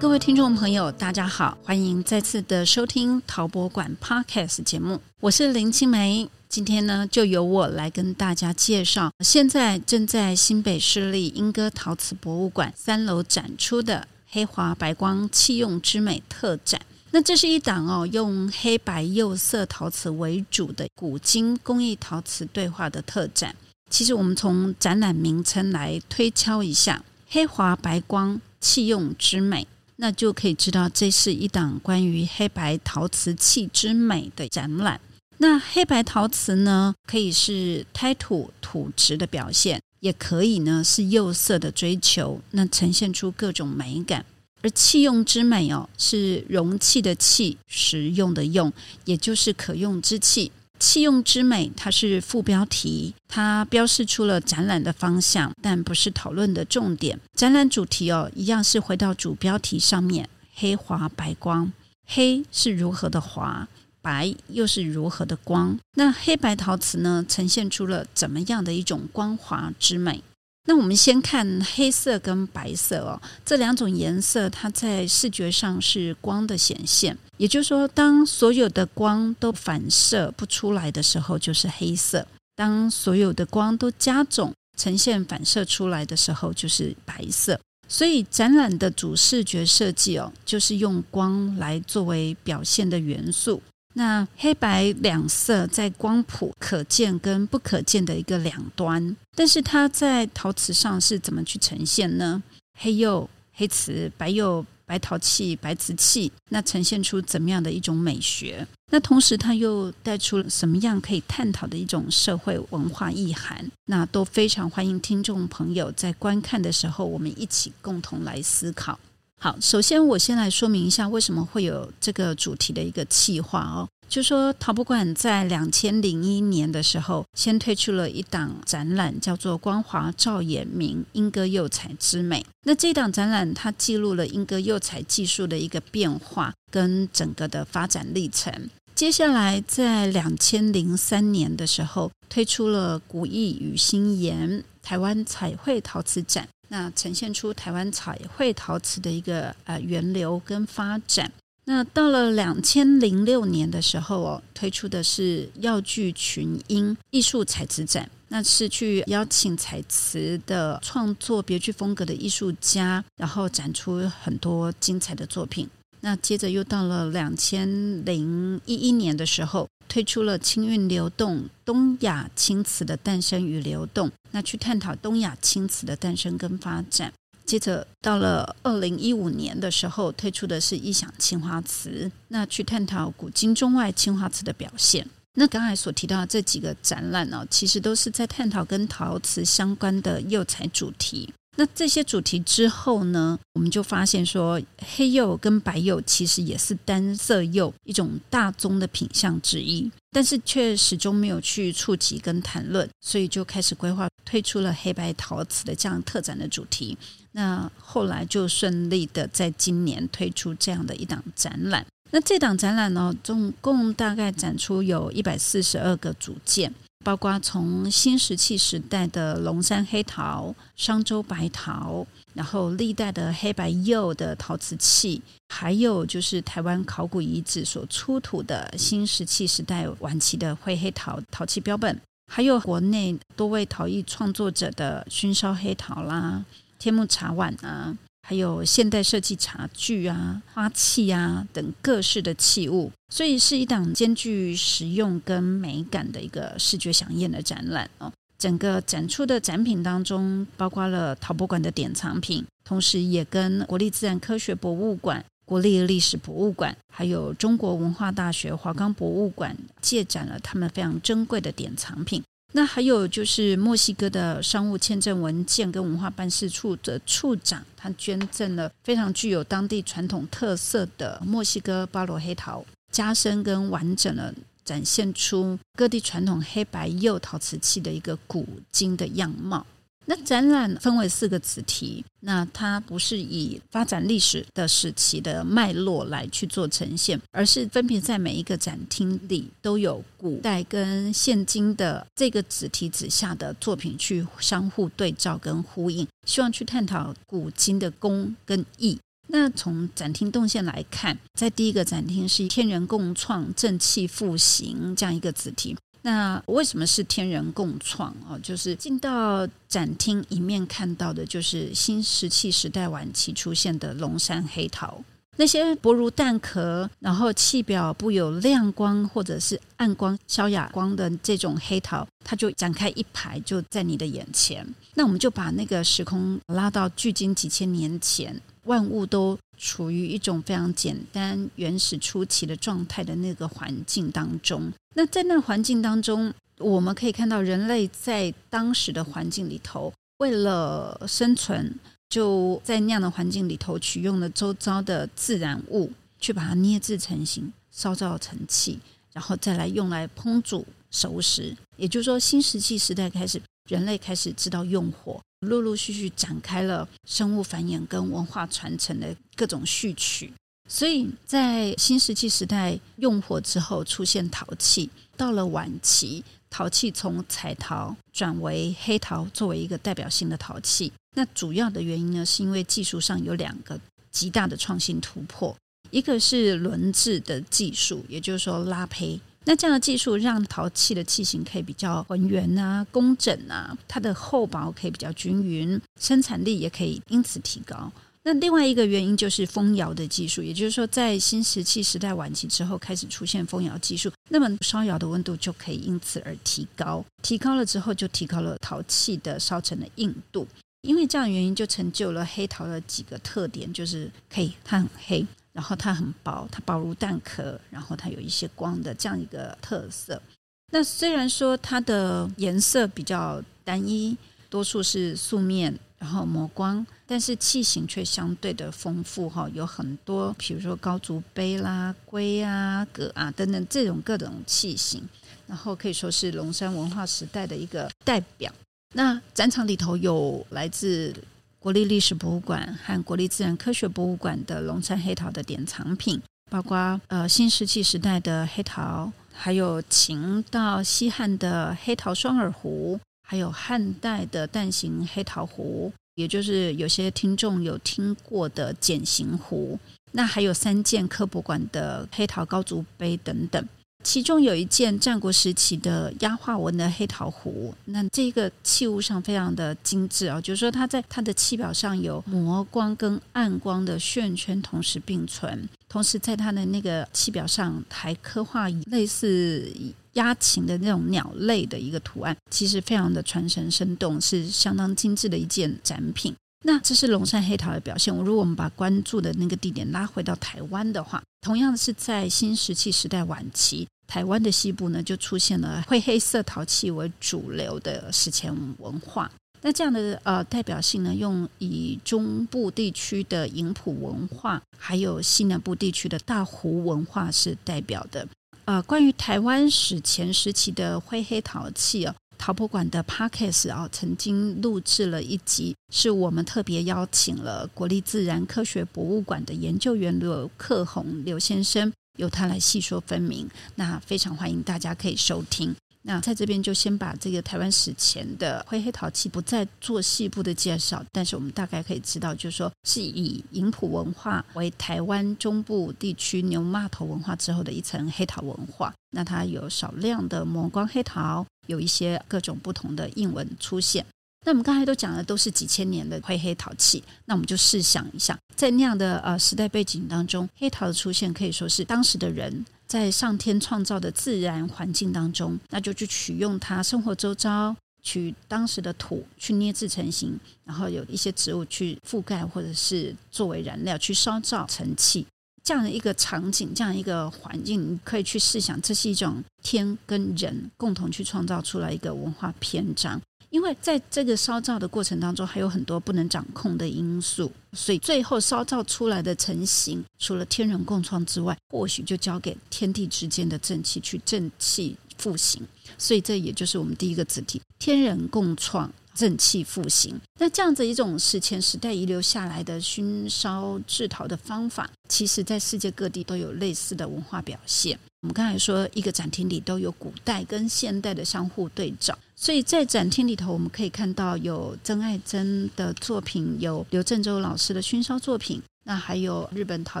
各位聽眾朋友，大家好，歡迎再次的收聽陶博館 Podcast 節目，我是林青梅。今天呢，就由我來跟大家介紹現在正在新北市立鶯歌陶瓷博物館三樓展出的“黑華白光器用之美”特展。那這是一檔哦，用黑白釉色陶瓷為主的古今工藝陶瓷對話的特展。其實我們從展覽名稱來推敲一下，“黑華白光器用之美”。那就可以知道，這是一檔關於黑白陶瓷器之美的展覽。那黑白陶瓷呢，可以是胎土土質的表現，也可以呢是釉色的追求，那呈現出各種美感。而器用之美哦，是容器的器，實用的用，也就是可用之器。器用之美，它是副標題，它標示出了展覽的方向，但不是討論的重點。展覽主題哦，一樣是回到主標題上面：黑華白光。黑是如何的華，白又是如何的光？那黑白陶瓷呢，呈現出了怎麼樣的一種光滑之美？那我們先看黑色跟白色哦，這兩種顏色，它在視覺上是光的顯現。也就是說，當所有的光都反射不出來的時候，就是黑色；當所有的光都加總呈現反射出來的時候，就是白色。所以，展覽的主視覺設計哦，就是用光來作為表現的元素。那黑白兩色在光譜可見跟不可見的一個兩端，但是它在陶瓷上是怎麼去呈現呢？黑釉、黑瓷、白釉、白陶器、白瓷器，那呈現出怎麼樣的一種美學？那同時，它又帶出了什麼樣可以探討的一種社會文化意涵？那都非常歡迎聽眾朋友在觀看的時候，我們一起共同來思考。好，首先我先來說明一下為什麼會有這個主題的一個企劃哦，就說陶博館在兩千零一年的時候，先推出了一檔展覽，叫做《光華照眼明鶯歌釉彩之美》。那這檔展覽它記錄了鶯歌釉彩技術的一個變化跟整個的發展歷程。接下來在兩千零三年的時候，推出了《古意與新顏：台灣彩繪陶瓷展》。那呈現出台灣彩繪陶瓷的一個呃源流跟發展。那到了兩千零六年的時候哦，推出的是“耀聚群英”藝術彩瓷展，那是去邀請彩瓷的創作別具風格的藝術家，然後展出很多精彩的作品。那接着又到了兩千零一一年的時候，推出了《青韻流動：東亞青瓷的誕生與流動》，那去探討東亞青瓷的誕生跟發展。接着到了二零一五年的時候，推出的是《異想青花瓷》，那去探討古今中外青花瓷的表現。那剛才所提到的這幾個展覽呢，其實都是在探討跟陶瓷相關的釉彩主題。那這些主題之後呢，我們就發現說，黑釉跟白釉其實也是單色釉一種大宗的品項之一，但是卻始終沒有去觸及跟談論，所以就開始規劃推出了黑白陶瓷的這樣特展的主題。那後來就順利的在今年推出這樣的一檔展覽。那這檔展覽呢、哦，總共大概展出有一百四十二個組件。包括從新石器時代的龍山黑陶、商周白陶，然後歷代的黑白釉的陶瓷器，還有就是台灣考古遺址所出土的新石器時代晚期的灰黑陶陶器標本，還有國內多位陶藝創作者的燻燒黑陶啦、天目茶碗啊。還有現代設計茶具啊、花器啊等各式的器物，所以是一檔兼具實用跟美感的一個視覺饗宴的展覽哦。整個展出的展品當中，包括了陶博館的典藏品，同時也跟國立自然科學博物館、國立歷史博物館，還有中國文化大學華岡博物館借展了他們非常珍貴的典藏品。那還有就是墨西哥的商務簽證文件跟文化辦事處的處長，他捐贈了非常具有當地傳統特色的墨西哥巴羅黑陶，加深跟完整的展現出各地傳統黑白釉陶瓷器的一個古今的樣貌。那展覽分為四個子題，那它不是以發展歷史的時期的脈絡來去做呈現，而是分別在每一個展廳裡都有古代跟現今的這個子題之下的作品去相互對照跟呼應，希望去探討古今的功跟義。那從展廳動線來看，在第一個展廳是“天人共創，正氣復興”這樣一個子題。那為什麼是天人共創啊？就是進到展廳一面看到的，就是新石器時代晚期出現的龍山黑陶，那些薄如蛋殼，然後器表佈有亮光或者是暗光、消啞光的這種黑陶，它就展開一排，就在你的眼前。那我們就把那個時空拉到距今幾千年前，萬物都處於一種非常簡單、原始、初期的狀態的那個環境當中。那在那個環境當中，我們可以看到人類在當時的環境裡頭，為了生存，就在那樣的環境裡頭取用了周遭的自然物，去把它捏制成型、燒造成器，然後再來用來烹煮、熟食。也就是說，新石器時代開始。人類開始知道用火，陸陸續續展開了生物繁衍跟文化傳承的各種序曲。所以在新石器時代用火之後，出現陶器。到了晚期，陶器從彩陶轉為黑陶，作為一個代表性的陶器。那主要的原因呢，是因為技術上有兩個極大的創新突破，一個是輪制的技術，也就是說拉坯。那這樣的技術讓陶器的器型，可以比較渾圓、啊、工整、啊、它的厚薄可以比較均勻，生產力也可以因此提高。那另外一個原因就是封窯的技術，也就是說在新石器時代晚期之後開始出現封窯技術，那麼燒窯的溫度就可以因此而提高，提高了之後就提高了陶器的燒成的硬度。因為這樣的原因，就成就了黑陶的幾個特點，就是可以它很黑。然後它很薄，它薄如蛋殼，然後它有一些光的這樣一個特色。那雖然說它的顏色比較單一，多數是素面，然後磨光，但是器型卻相對的豐富哈，有很多，比如說高足杯啦、鬹啊、鬲啊等等這種各種器型，然後可以說是龍山文化時代的一個代表。那展場裡頭有來自國立歷史博物館和國立自然科學博物館的龍山黑陶的典藏品，包括呃新石器時代的黑陶，還有秦到西漢的黑陶雙耳壺，還有漢代的蛋形黑陶壺，也就是有些聽眾有聽過的繭形壺。那還有三件科博館的黑陶高足杯等等。其中有一件戰國時期的壓花紋的黑陶壺，那這個器物上非常的精致哦，就是說它在它的器表上有磨光跟暗光的旋圈同時並存，同時在它的那個器表上還刻畫類似鴨禽的那種鳥類的一個圖案，其實非常的傳神生動，是相當精致的一件展品。那這是龍山黑陶的表現。如果我們把關注的那個地點拉回到台灣的話，同樣的是在新石器時代晚期，台灣的西部呢，就出現了灰黑色陶器為主流的史前文化。那這樣的呃代表性呢，用以中部地區的營埔文化，還有西南部地區的大湖文化是代表的。呃，關於台灣史前時期的灰黑陶器，哦陶博館的 podcast 啊、哦，曾經錄制了一集，是我們特別邀請了國立自然科學博物館的研究員劉克宏劉先生，由他來細說分明。那非常歡迎大家可以收聽。那在這邊就先把這個台灣史前的灰黑陶器不再做細部的介紹，但是我們大概可以知道，就是說是以營埔文化為台灣中部地區牛罵頭文化之後的一層黑陶文化。那它有少量的磨光黑陶，有一些各種不同的印紋出現。那我們剛才都講了，都是幾千年的灰黑陶器。那我們就試想一下，在那樣的呃時代背景當中，黑陶的出現可以說是當時的人在上天創造的自然環境當中，那就去取用它生活周遭，取當時的土去捏制成型，然後有一些植物去覆蓋，或者是作為燃料去燒造成器。這樣的一個場景，這樣一個環境，你可以去試想，這是一種天跟人共同去創造出來一個文化篇章。因為在這個燒造的過程當中，還有很多不能掌控的因素，所以最後燒造出來的成型，除了天人共創之外，或許就交給天地之間的正氣去正氣復興。所以這也就是我們第一個子題，天人共創。正氣復興，那這樣子一種史前時代遺留下來的燻燒製陶的方法，其實在世界各地都有類似的文化表現。我們剛才說，一個展廳裡都有古代跟現代的相互對照，所以在展廳裡頭，我們可以看到有曾愛珍的作品，有劉振洲老師的燻燒作品，那還有日本陶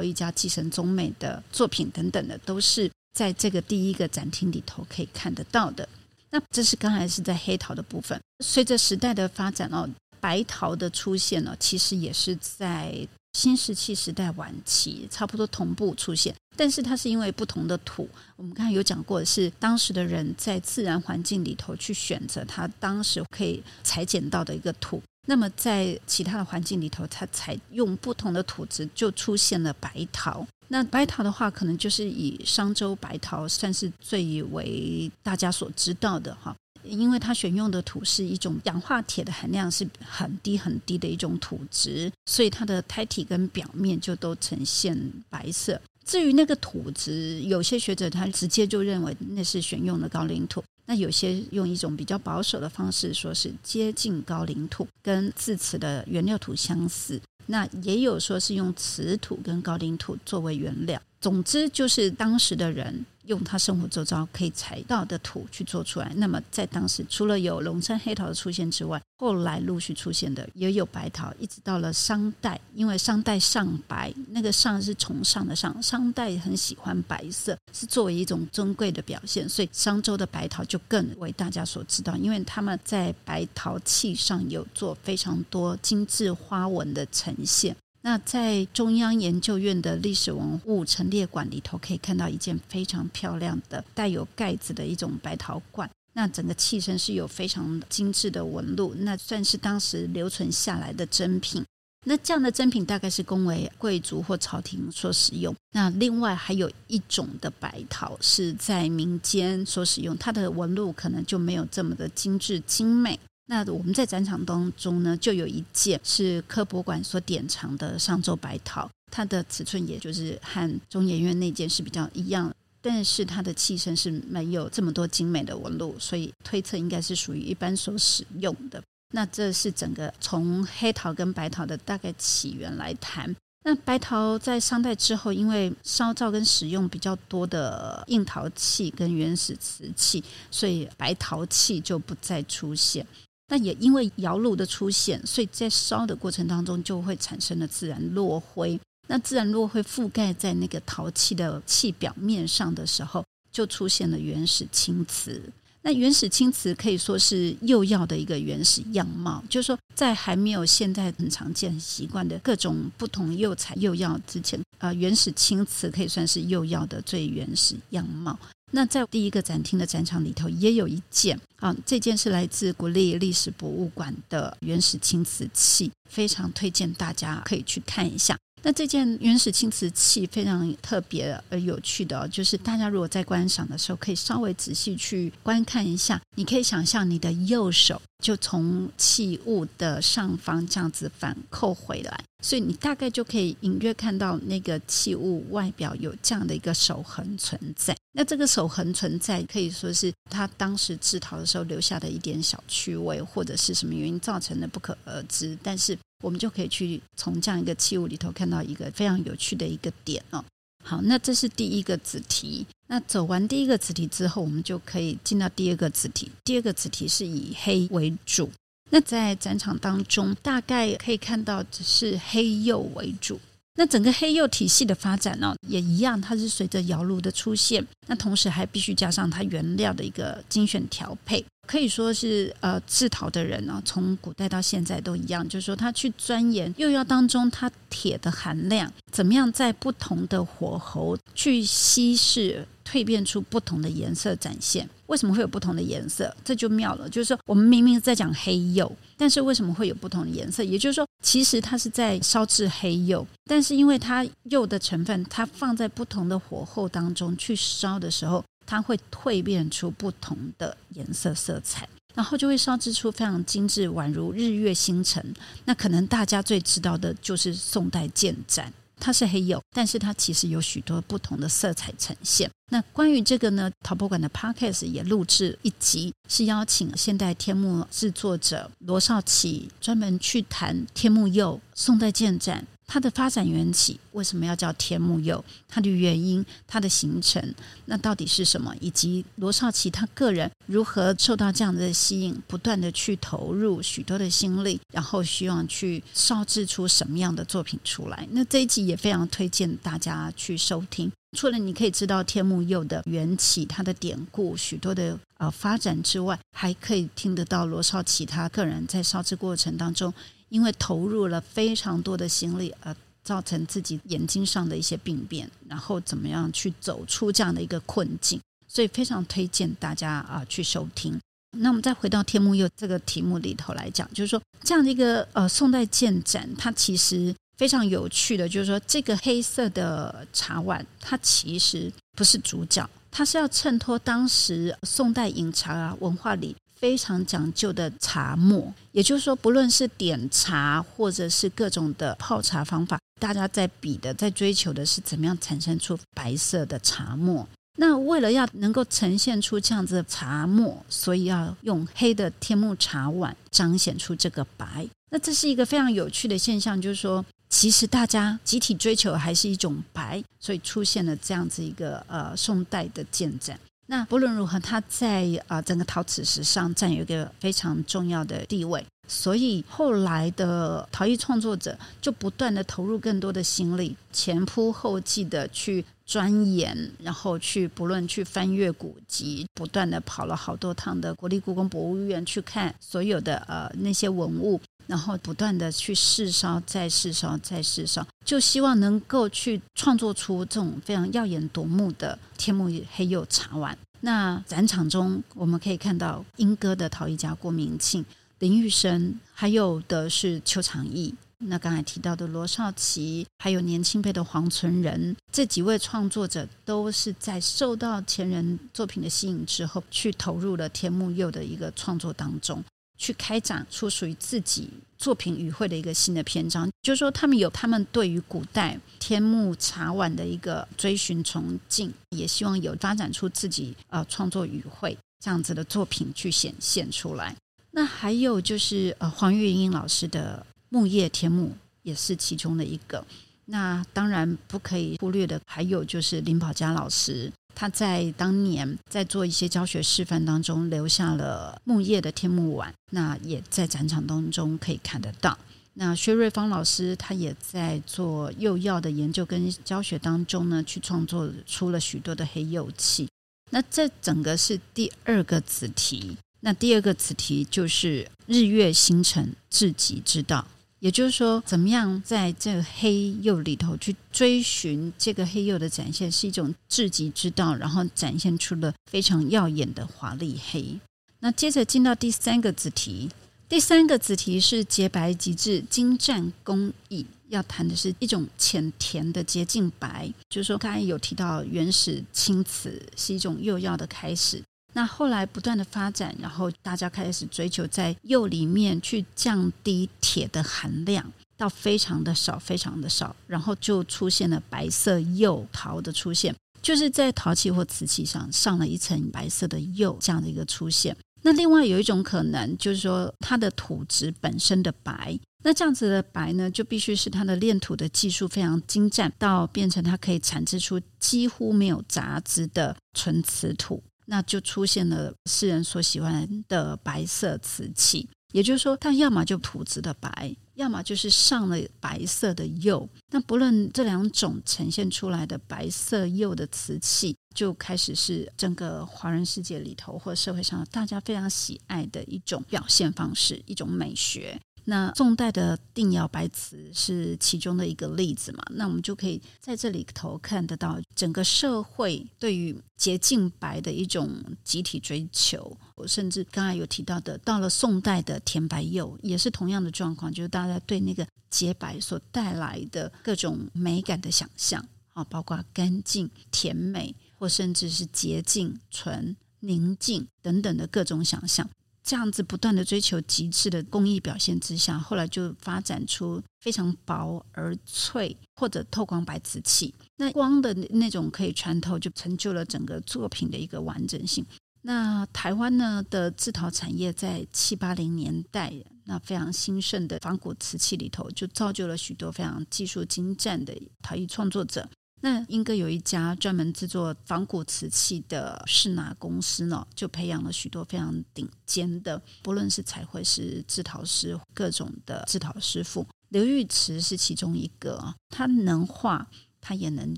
藝家繼承中美的作品等等的，都是在這個第一個展廳裡頭可以看得到的。那這是剛才是在黑陶的部分。隨着時代的發展哦，白陶的出現呢，其實也是在新石器時代晚期，差不多同步出現。但是它是因為不同的土，我們剛才有講過，是當時的人在自然環境裡頭去選擇他當時可以採集到的一個土。那麼在其他的環境裡頭，它採用不同的土質，就出現了白陶。那白陶的話，可能就是以商周白陶算是最為大家所知道的哈，因為它選用的土是一種氧化鐵的含量是很低很低的一種土質，所以它的胎體跟表面就都呈現白色。至於那個土質，有些學者他直接就認為那是選用的高嶺土，那有些用一種比較保守的方式，說是接近高嶺土，跟製瓷的原料土相似。那也有說是用瓷土跟高嶺土作為原料。總之，就是當時的人用他生活周遭可以採到的土去做出來。那麼，在當時，除了有龍山黑陶的出現之外，後來陸續出現的也有白陶，一直到了商代。因為商代尚白，那個尚是崇尚的尚，商代很喜歡白色，是作為一種尊貴的表現，所以商周的白陶就更為大家所知道，因為他們在白陶器上有做非常多精緻花紋的呈現。那在中央研究院的歷史文物陳列館裡頭，可以看到一件非常漂亮的帶有蓋子的一種白陶罐。那整個器身是有非常精致的紋路，那算是當時留存下來的珍品。那這樣的珍品大概是宮闈貴族或朝廷所使用。那另外還有一種的白陶是在民間所使用，它的紋路可能就沒有這麼的精致精美。那我們在展場當中呢，就有一件是科博館所典藏的商周白陶，它的尺寸也就是和中研院那件是比較一樣的，但是它的器身是沒有這麼多精美的紋路，所以推測應該是屬於一般所使用的。那這是整個從黑陶跟白陶的大概起源來談。那白陶在商代之後，因為燒造跟使用比較多的硬陶器跟原始瓷器，所以白陶器就不再出現。但也因為窯爐的出現，所以在燒的過程當中就會產生了自然落灰。那自然落灰覆蓋在那個陶器的器表面上的時候，就出現了原始青瓷。那原始青瓷可以說是釉藥的一個原始樣貌，就是說在還沒有現在很常見、很習慣的各種不同釉彩、釉藥之前，呃，原始青瓷可以算是釉藥的最原始樣貌。那在第一個展廳的展場裡頭，也有一件啊，這件是來自國立歷史博物館的原始青瓷器，非常推薦大家可以去看一下。那這件原始青瓷器非常特別而有趣的哦，就是大家如果在觀賞的時候，可以稍微仔細去觀看一下。你可以想象你的右手就從器物的上方這樣子反扣回來，所以你大概就可以隱約看到那個器物外表有這樣的一個手痕存在。那這個手痕存在，可以說是它當時製陶的時候留下的一點小趣味，或者是什麼原因造成的，不可而知。但是。我們就可以去從這樣一個器物裡頭看到一個非常有趣的一個點了。好，那這是第一個子題。那走完第一個子題之後，我們就可以進到第二個子題。第二個子題是以黑為主。那在展場當中，大概可以看到只是黑釉為主。那整個黑釉體系的發展呢、哦，也一樣，它是隨着窯爐的出現，那同時還必須加上它原料的一個精選調配，可以說是呃制陶的人呢、哦，從古代到現在都一樣，就是說他去鑽研釉料當中它鐵的含量，怎麼樣在不同的火候去稀釋，蛻變出不同的顏色展現。為什麼會有不同的顏色？這就妙了。就是說，我們明明在講黑釉，但是為什麼會有不同的顏色？也就是說，其實它是在燒制黑釉，但是因為它釉的成分，它放在不同的火候當中去燒的時候，它會蛻變出不同的顏色色彩，然後就會燒制出非常精致，宛如日月星辰。那可能大家最知道的就是宋代建盞。它是黑釉，但是它其實有許多不同的色彩呈現。那關於這個呢，陶博館的 Podcast 也錄制一集，是邀請現代天目制作者羅少奇專門去談天目釉宋代建盞。它的發展緣起為什麼要叫天目釉？它的原因、它的形成，那到底是什麼？以及羅少奇他個人如何受到這樣的吸引，不斷的去投入許多的心力，然後希望去燒製出什麼樣的作品出來？那這一集也非常推薦大家去收聽。除了你可以知道天目釉的緣起、它的典故、許多的呃發展之外，還可以聽得到羅少奇他個人在燒製過程當中。因為投入了非常多的心力，而造成自己眼睛上的一些病變，然後怎麼樣去走出這樣的一個困境？所以非常推薦大家啊去收聽。那我們再回到天目釉這個題目裡頭來講，就是說這樣的一個呃宋代建盞，它其實非常有趣的，就是說這個黑色的茶碗，它其實不是主角，它是要襯托當時宋代飲茶啊文化裡。非常講究的茶沫，也就是說，不論是點茶或者是各種的泡茶方法，大家在比的，在追求的是怎麼樣產生出白色的茶沫。那為了要能夠呈現出這樣子的茶沫，所以要用黑的天目茶碗彰顯出這個白。那這是一個非常有趣的現象，就是說，其實大家集體追求還是一種白，所以出現了這樣子一個呃宋代的建盞。那不論如何，他在啊、呃、整個陶瓷史上占有一個非常重要的地位，所以後來的陶藝創作者就不斷的投入更多的心力，前仆後繼的去鑽研，然後去不論去翻閱古籍，不斷的跑了好多趟的國立故宮博物院去看所有的呃那些文物。然後不斷地去試燒，再試燒，再試燒，就希望能夠去創作出這種非常耀眼奪目的天目黑釉茶碗。那展場中，我們可以看到鶯歌的陶藝家郭明慶、林玉生，還有的是邱長義。那剛才提到的羅少奇，還有年輕輩的黃存仁，這幾位創作者都是在受到前人作品的吸引之後，去投入了天目釉的一個創作當中。去開展出屬於自己作品語彙的一個新的篇章，就是說他們有他們對於古代天目茶碗的一個追尋崇敬，也希望有發展出自己呃創作語彙這樣子的作品去顯現出來。那還有就是呃黃玉英老師的木葉天目也是其中的一個。那當然不可以忽略的還有就是林保家老師。他在當年在做一些教學示範當中，留下了木葉的天目碗，那也在展場當中可以看得到。那薛瑞芳老師他也在做釉藥的研究跟教學當中呢，去創作出了許多的黑釉器。那這整個是第二個子題，那第二個子題就是日月星辰至極之道。也就是說，怎麼樣在這個黑釉裡頭去追尋這個黑釉的展現，是一種至極之道，然後展現出了非常耀眼的華麗黑。那接着進到第三個子題，第三個子題是潔白極致、精湛工藝，要談的是一種淺甜的潔淨白。就是說，剛才有提到原始青瓷是一種釉藥的開始。那後來不斷的發展，然後大家開始追求在釉裡面去降低鐵的含量，到非常的少，非常的少，然後就出現了白色釉陶的出現，就是在陶器或瓷器上上了一層白色的釉這樣的一個出現。那另外有一種可能，就是說它的土質本身的白，那這樣子的白呢，就必須是它的煉土的技術非常精湛，到變成它可以產製出幾乎沒有雜質的純瓷土。那就出現了世人所喜歡的白色瓷器，也就是說，它要麼就樸質的白，要麼就是上了白色的釉。那不論這兩種呈現出來的白色釉的瓷器，就開始是整個華人世界裡頭或社會上大家非常喜愛的一種表現方式，一種美學。那宋代的定窯白瓷是其中的一個例子嘛，那我們就可以在這裡頭看得到整個社會對於潔淨白的一種集體追求。我甚至剛才有提到的，到了宋代的甜白釉也是同樣的狀況，就是大家對那個潔白所帶來的各種美感的想象啊，包括乾淨、甜美，或甚至是潔淨、純、寧靜等等的各種想象。這樣子不斷地追求極致的工藝表現之下，後來就發展出非常薄而脆或者透光白瓷器。那光的那種可以穿透，就成就了整個作品的一個完整性。那台灣呢的製陶產業在七八零年代，那非常興盛的仿古瓷器裡頭，就造就了許多非常技術精湛的陶藝創作者。那鶯歌有一家專門製作仿古瓷器的世拿公司呢，就培養了許多非常頂尖的，不論是彩繪師、製陶師，各種的製陶師傅。劉玉池是其中一個，他能畫，他也能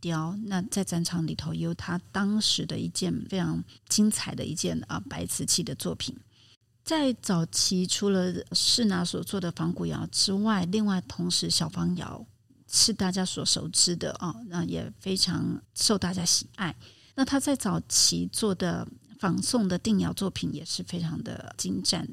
雕。那在展場裡頭有他當時的一件非常精彩的一件啊白瓷器的作品。在早期，除了世拿所做的仿古窯之外，另外同時小方窯。是大家所熟知的啊、哦，那也非常受大家喜愛。那他在早期做的仿宋的定窯作品也是非常的精湛。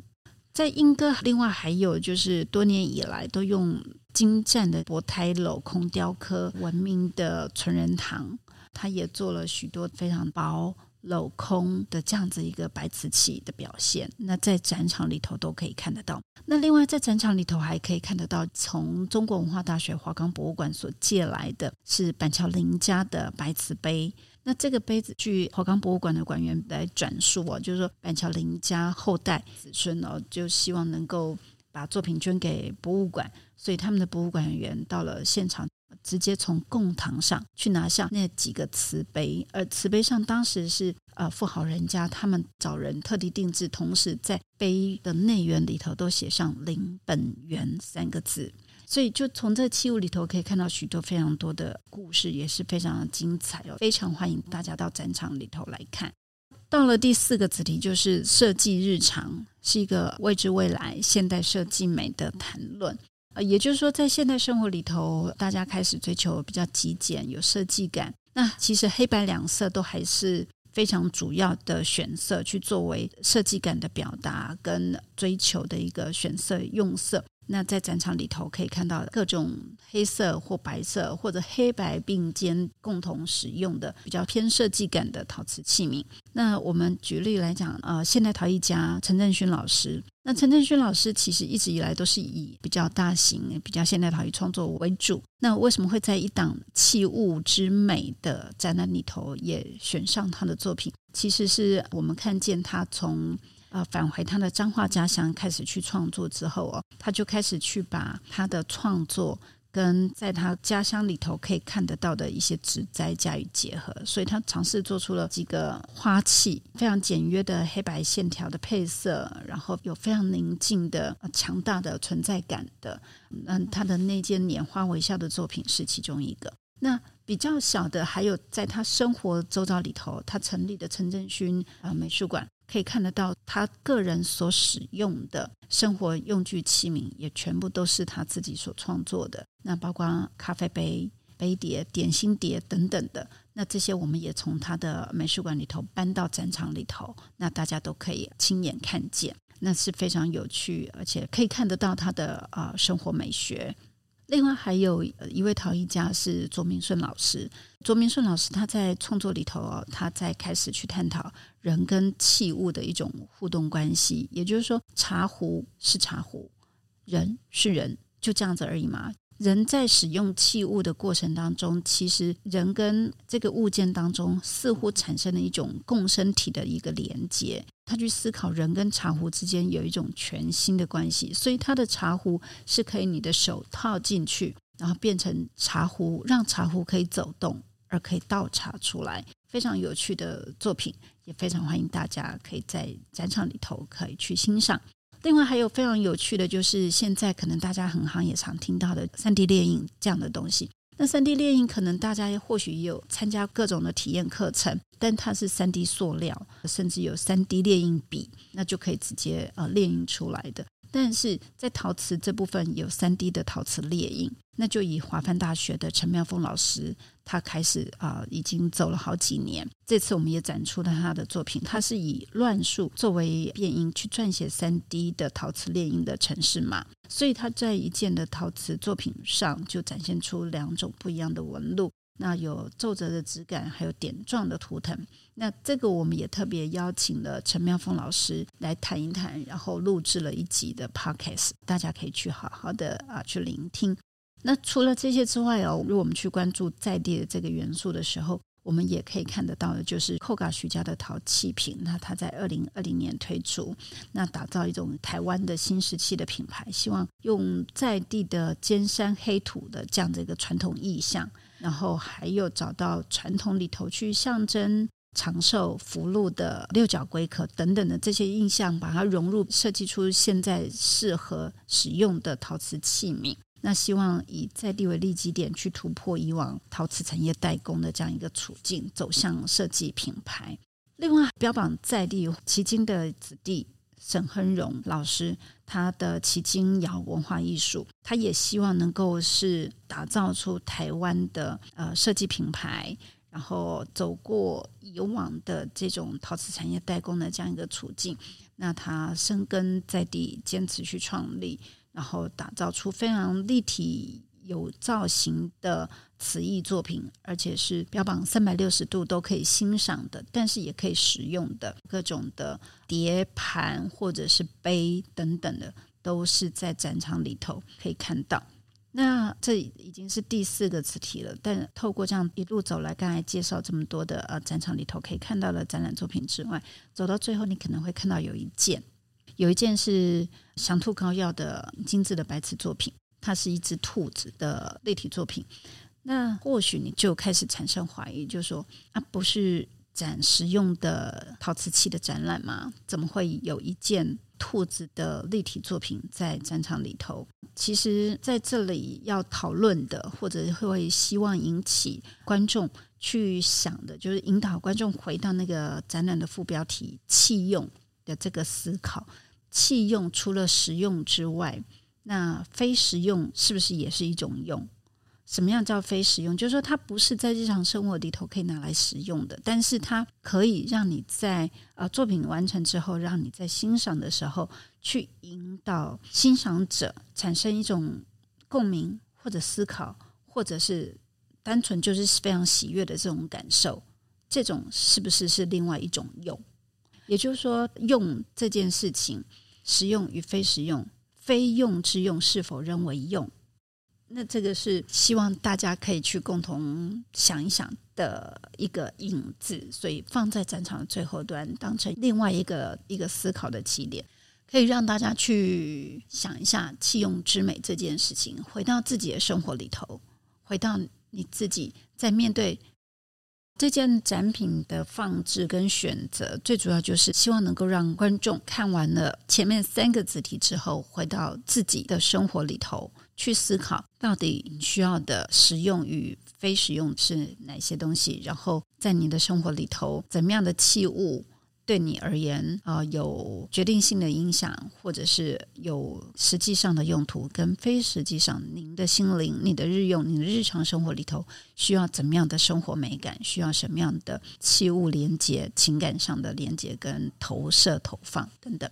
在鶯歌，另外還有就是多年以來都用精湛的薄胎鏤空雕刻聞名的存仁堂，他也做了許多非常薄。鏤空的這樣子一個白瓷器的表現，那在展場裡頭都可以看得到。那另外在展場裡頭還可以看得到，從中國文化大學華岡博物館所借來的是板橋林家的白瓷杯。那這個杯子，據華岡博物館的館員來轉述啊，就是說板橋林家後代子孫哦，就希望能夠把作品捐給博物館，所以他們的博物館員到了現場。直接從供堂上去拿下那幾個瓷杯，而瓷杯上當時是呃富豪人家他們找人特地定製，同時在杯的內緣裡頭都寫上“林本源”三個字，所以就從這器物裡頭可以看到許多非常多的故事，也是非常的精彩哦。非常歡迎大家到展場裡頭來看。到了第四個子題，就是設計日常，是一個未知未來現代設計美的談論。呃，也就是說，在現代生活裡頭，大家開始追求比較極簡、有設計感。那其實黑白兩色都還是非常主要的選色，去作為設計感的表達跟追求的一個選色用色。那在展場裡頭可以看到各種黑色或白色，或者黑白並肩共同使用的比較偏設計感的陶瓷器皿。那我們舉例來講，呃，現代陶藝家陳振勳老師。那陳振軒老師其實一直以來都是以比較大型，比較現代陶藝創作為主。那為什麼會在一檔器物之美的展覽裡頭也選上他的作品？其實是我們看見他從啊、呃、返回他的彰化家鄉開始去創作之後哦，他就開始去把他的創作。跟在他家鄉裡頭可以看得到的一些植栽加以結合，所以他嘗試做出了幾個花器，非常簡約的黑白線條的配色，然後有非常寧靜的、強大的存在感的。嗯，他的那件拈花微笑的作品是其中一個。那比較小的還有在他生活周遭裡頭，他成立的陳振勳啊美術館。可以看得到他個人所使用的生活用具器皿，也全部都是他自己所創作的。那包括咖啡杯、杯碟、點心碟等等的。那這些我們也從他的美術館裡頭搬到展場裡頭，那大家都可以親眼看見，那是非常有趣，而且可以看得到他的啊、呃、生活美學。另外還有一位陶藝家是卓銘順老師，卓銘順老師他在創作裡頭哦，他在開始去探討人跟器物的一種互動關係。也就是說，茶壺是茶壺，人是人，就這樣子而已嘛。人在使用器物的過程當中，其實人跟這個物件當中似乎產生了一種共生體的一個連接。他去思考人跟茶壺之間有一種全新的關係，所以他的茶壺是可以你的手套進去，然後變成茶壺，讓茶壺可以走動，而可以倒茶出來，非常有趣的作品，也非常歡迎大家可以在展場裡頭可以去欣賞。另外還有非常有趣的就是現在可能大家很行也常聽到的三 D 列印這樣的東西，那三 D 列印可能大家或許也有參加各種的體驗課程。但它是三 D 塑料，甚至有三 D 列印筆，那就可以直接呃列印出來的。但是在陶瓷這部分有三 D 的陶瓷列印，那就以華梵大學的陳妙峰老師，他開始啊、呃、已經走了好幾年。這次我們也展出了他的作品，他是以亂數作為變音去撰寫三 D 的陶瓷列印的程式嘛，所以他在一件的陶瓷作品上就展現出兩種不一樣的紋路。那有皺褶的質感，還有點狀的圖騰。那這個我們也特別邀請了陳妙鳳老師來談一談，然後錄製了一集的 podcast，大家可以去好好的啊去聆聽。那除了這些之外哦，如果我們去關注在地的這個元素的時候，我們也可以看得到的就是寇嘎徐家的陶器品。那它在二零二零年推出，那打造一種台灣的新石器的品牌，希望用在地的尖山黑土的這樣的一個傳統意象。然後還有找到傳統裡頭去象徵長壽福祿的六角龜殼等等的這些印象，把它融入設計出現在適合使用的陶瓷器皿。那希望以在地為立基點，去突破以往陶瓷產業代工的這樣一個處境，走向設計品牌。另外，標榜在地旗津的子弟。沈亨榮老師，他的奇晶窯文化藝術，他也希望能夠是打造出台灣的呃設計品牌，然後走過以往的這種陶瓷產業代工的這樣一個處境，那他深耕在地，堅持去創立，然後打造出非常立體。有造型的瓷藝作品，而且是標榜三百六十度都可以欣賞的，但是也可以使用的各種的碟盤或者是杯等等的，都是在展場裡頭可以看到。那這已經是第四個子題了，但透過這樣一路走來，剛才介紹這麼多的呃展場裡頭可以看到的展覽作品之外，走到最後你可能會看到有一件，有一件是《想吐膏藥》的精緻的白瓷作品。它是一隻兔子的立體作品，那或許你就開始產生懷疑，就是、說啊，不是展示用的陶瓷器的展覽嗎？怎麼會有一件兔子的立體作品在展場裡頭？其實在這裡要討論的，或者會希望引起觀眾去想的，就是引導觀眾回到那個展覽的副標題“器用”的這個思考。器用除了實用之外，那非實用是不是也是一種用？什麼樣叫非實用？就是說，它不是在日常生活裡頭可以拿來使用的，但是它可以讓你在呃作品完成之後，讓你在欣賞的時候去引導欣賞者產生一種共鳴，或者思考，或者是單純就是非常喜悅的這種感受。這種是不是是另外一種用？也就是說，用這件事情，實用與非實用。非用之用是否仍為用？那這個是希望大家可以去共同想一想的一個影子，所以放在展場的最後端，當成另外一個一個思考的起點，可以讓大家去想一下器用之美這件事情，回到自己的生活裡頭，回到你自己在面對。這件展品的放置跟選擇，最主要就是希望能夠讓觀眾看完了前面三個子題之後，回到自己的生活裡頭去思考，到底需要的實用與非實用是哪些東西，然後在你的生活裡頭，怎麼樣的器物，對你而言，啊，有決定性的影響，或者是有實際上的用途，跟非實際上，您的心靈、你的日用、你的日常生活裡頭，需要怎麼樣的生活美感？需要什麼樣的器物連接？情感上的連接跟投射、投放等等。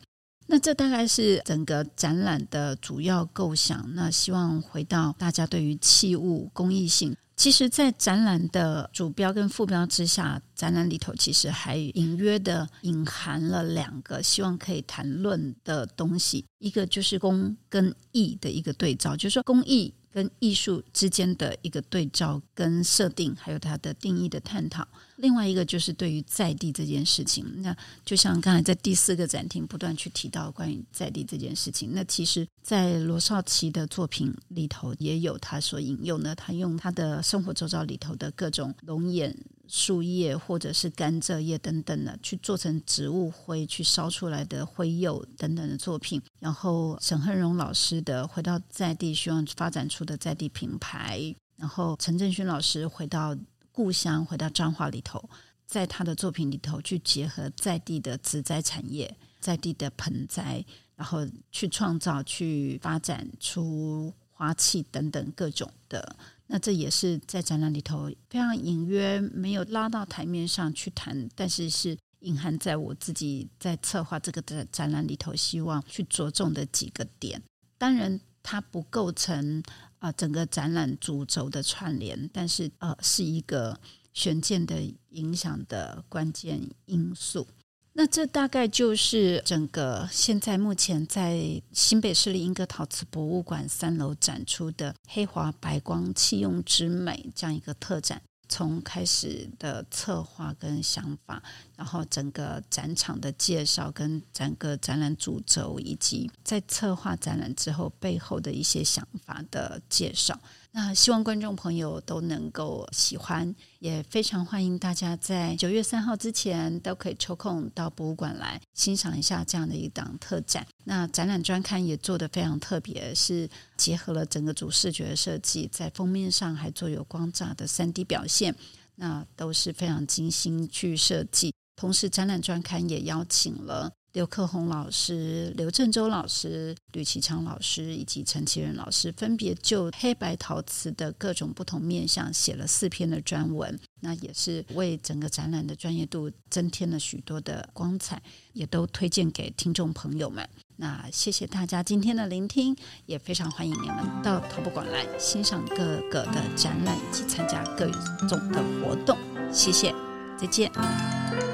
那這大概是整個展覽的主要構想。那希望回到大家對於器物工藝性，其實，在展覽的主標跟副標之下，展覽裡頭其實還隱約的隱含了兩個希望可以談論的東西。一個就是工跟藝的一個對照，就是說工藝跟藝術之間的一個對照跟設定，還有它的定義的探討。另外一個就是對於在地這件事情，那就像剛才在第四個展廳不斷去提到關於在地這件事情，那其實，在羅少奇的作品裡頭也有他所引用的，他用他的生活周遭裡頭的各種龍眼樹葉或者是甘蔗葉等等的，去做成植物灰去燒出來的灰釉等等的作品。然後，沈亨榮老師的回到在地，希望發展出的在地品牌。然後，陳正勳老師回到。互相回到彰化裡頭，在他的作品裡頭去結合在地的植栽產業，在地的盆栽，然後去創造、去發展出花器等等各種的。那這也是在展覽裡頭非常隱約沒有拉到檯面上去談，但是是隱含在我自己在策劃這個的展覽裡頭，希望去着重的幾個點。當然，它不構成。啊、呃，整個展覽主軸的串聯，但是呃，是一個懸念的影響的關鍵因素。那這大概就是整個現在目前在新北市立鶯歌陶瓷博物館三樓展出的“黑華白光器用之美”這樣一個特展。從開始的策劃跟想法，然後整個展場的介紹，跟整個展覽主軸，以及在策劃展覽之後背後的一些想法的介紹。那希望觀眾朋友都能夠喜歡，也非常歡迎大家在九月三號之前都可以抽空到博物館來欣賞一下這樣的一檔特展。那展覽專刊也做得非常特別，是結合了整個主視覺設計，在封面上還做有光柵的三 D 表現，那都是非常精心去設計。同時，展覽專刊也邀請了。劉克紅老師、劉振洲老師、呂其昌老師以及陳其仁老師分別就黑白陶瓷的各種不同面向寫了四篇的專文，那也是為整個展覽的專業度增添了許多的光彩，也都推薦給聽眾朋友們。那謝謝大家今天的聆聽，也非常歡迎你們到陶博館來欣賞各個的展覽以及參加各種的活動。謝謝，再見。